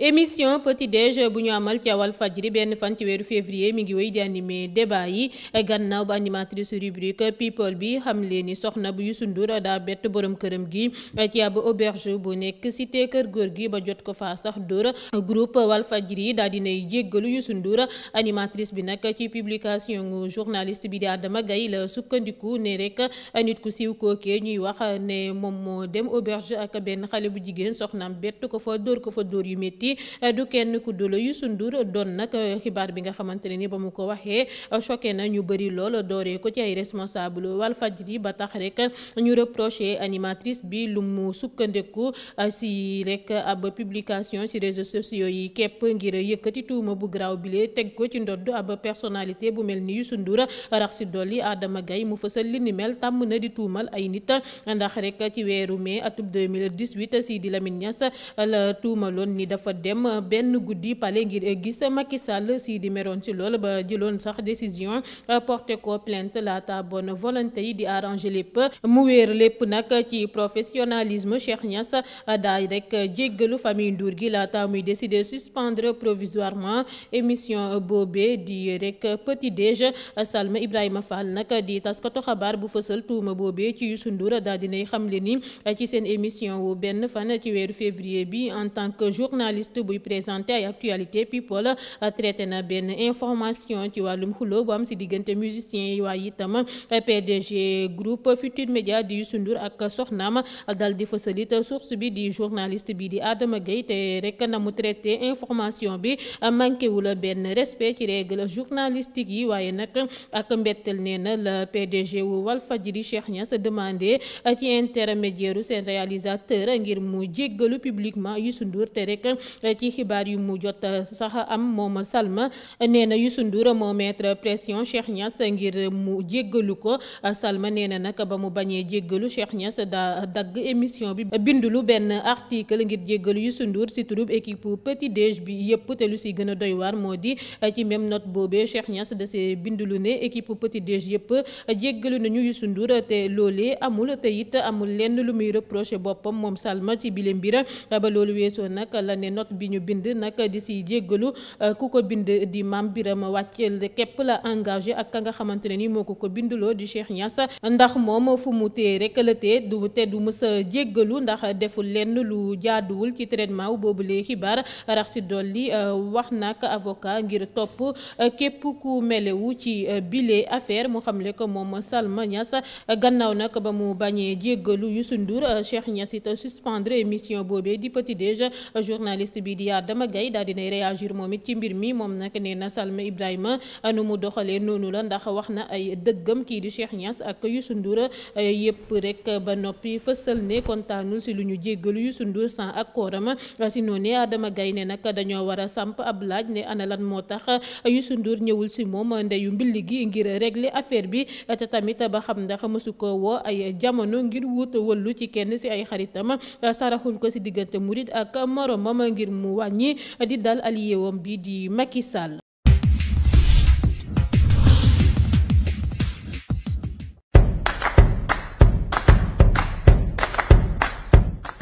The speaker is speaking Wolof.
émission petit déj bu ñu amal ci Walf Fadjri benn fan ci weeru février mi ngi wéy di animé débat yi gannaaw ba animatrice rubrique people bi xam leen ni soxna bu Youssou Ndour daa bett boroom këram gi ci ab auberge bu nekk cité kër góor gi ba jot ko faa sax dóor groupe Walf Fadjri daa dinay jéggalu Youssou Ndour animatrice bi nag ci publication journaliste bi di Adama Gaye la sukkandiku ne rek nit ku siiw kookee ñuy wax ne moom moo dem auberge ak benn xale bu jigéen soxna bett ko fa dóor ko fa dóor yu métti gi eh, du kenn ku dul Youssou Ndour doon nag eh, xibaar bi nga xamante ne ni ba mu ko waxee eh, choqué na ñu bëri lool dooree ko ci ay responsable Walfadjri ba tax rek ñu reproché animatrice bi lu mu sukkandiku si rek ab publication ci réseaux sociaux yi képp ngir yëkkati tuuma bu garaaw bile teg ko ci ndodd ab personnalité bu mel ni Youssou Ndour rax si dolli Adama Gaye mu fësal li ni mel tàmm na di tuumal ay nit ndax rek ci weeru mai atub 2018 Sidi Lamine la ni dem benn guddi palais ngir gis Macky Sall si di meroon ci loolu ba jëloon sax décision euh, porté ko plainte laata bonne volonté yi di arrangé lépp mu wéer lépp nag ci professionnalisme Cheikh Niass euh, daay rek jéggalu famille Ndour gi laata muy décider suspendre provisoirement émission boobee di rek petit déj Salma Ibrahima Fall nag di taskatu xabaar bu fësal tuuma boobee ci Youssou Ndour daal dinay xamle ni ci seen émission wu benn fan ci weeru février bi en tant journaliste buy présenté ay actualité people euh, traité na benn information ci wàllum xuloo bu si diggante musiciens yi waaye itam euh, PDG groupe Futur Média di Youssou Ndour ak soxnaam euh, dal di fësalit source bi di journaliste bi di Adama Gueye te rek na mu traité information bi manqué wula benn respect ci règle journalistique yi waaye nag ak mbettel nee na la PDG wu Walfadjri Cheikh Niass demandé ci intermédiaire seen réalisateur ngir mu jéggalu publiquement Youssou Ndour te ci xibaar yu mu jot eh, sax am moom a Salma nee na Youssou Ndour moo mettre pression Cheikh Niass ngir mu jéggalu ko Salma nee na nag ba mu bañee jéggalu Cheikh ñas da dagg émission bi bindulu benn article ngir jéggalu Youssou nduur si turub équipe Petit Déj bi yëpp te lu si gën a doy waar moo di eh, ci même not boobe Cheikh ñas da see bindulu ne équipe Petit Déj yëpp eh, jéggalu nañu Youssou Ndour te loolee amul te it amul lenn lu muy reproché boppam moom Salma ci bile mbir note bi ñu bind nag di si jéggalu euh, ku ko bind di maam biram wàcceel képp la engagé ak ka nga xamante ne ni moo ko ko binduloo di Cheikh Niass ndax moom fu mu tee rek la tee du te du mës a jéggalu ndax deful lenn lu jaaduwul ci traitement boobu lee xibaar rax si dolli euh, wax nag avocat ngir topp euh, képp ku melewu ci bile affaire mu xamle ko moom Salma Niass gannaaw nag ba mu bañee jéggalu yu Ndour Cheikh Niass it suspendre émission boobee di petit déj journaliste activiste bi di Adama Gaye daal dinay réagir moom it ci mbir mi moom nag nee na Salma Ibrahima ah, nu mu doxalee noonu la ndax wax na ay dëggam kii di Cheikh Niass ak Youssou Ndour ah, yëpp rek ba noppi fësal ne kontaanul si lu ñu jéggalu nduur Ndour sans accord a ah, si noonu Adama Gaye ne nag dañoo war a samp ab laaj ne ana lan moo tax Youssou Ndour ñëwul si moom ndeyu mbilli gi ngir réglé affaire bi te tamit ba xam ndax mësu ko woo ay jamono ngir wut wëllu ci kenn si ay xa ngir mu wàññi di dal allié wam bi di Macky Sall.